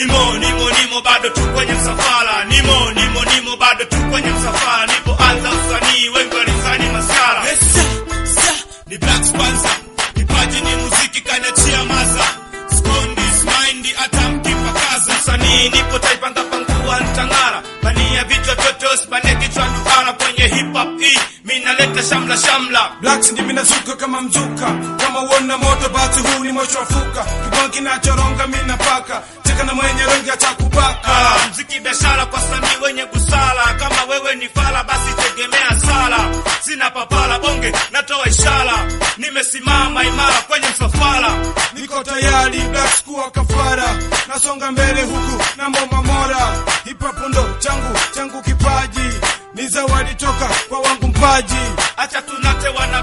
nimo nimo nimo bado tu kwenye msafara nimo nimo nimo bado tu kwenye msafara nipo nipoanza usanii wengi walizani maskara yes, ni black sponsor kipaji ni muziki kanachia maza scone this mind hata mkipakaza usanii nipo taipanga pangua ntangara bania vichwa vyote usipande kichwa nduhara kwenye hip hop hii minaleta shamla shamla blacks ndimi nazuka kama mzuka kama uona moto basi huu ni mwisho wa fuka kibwa kinachoronga minapaka kupaka na mwenye rangi kupaka Mziki biashara kwa sanii wenye busara, kama wewe ni fala basi tegemea sala. Sina papala bonge, natoa ishara, nimesimama imara kwenye msafara, niko tayari black kuwa kafara, nasonga mbele huku na mboma mora. Hip changu changu, kipaji ni zawadi toka kwa wangu mpaji, acha tunate wana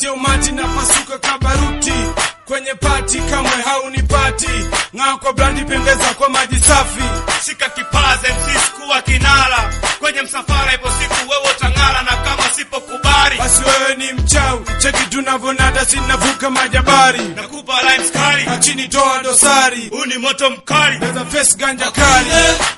Niache umati na pasuka kabaruti kwenye pati kamwe haunipati ng'aa kwa brandi pembeza kwa maji safi shika kipaze msisikuwa kinala kwenye msafara ipo siku wewe utang'ala na kama sipo kubari basi wewe ni mchau cheki tunavonada sinavuka majabari kupa lime skari achini toa dosari uni moto mkali eza face ganja kali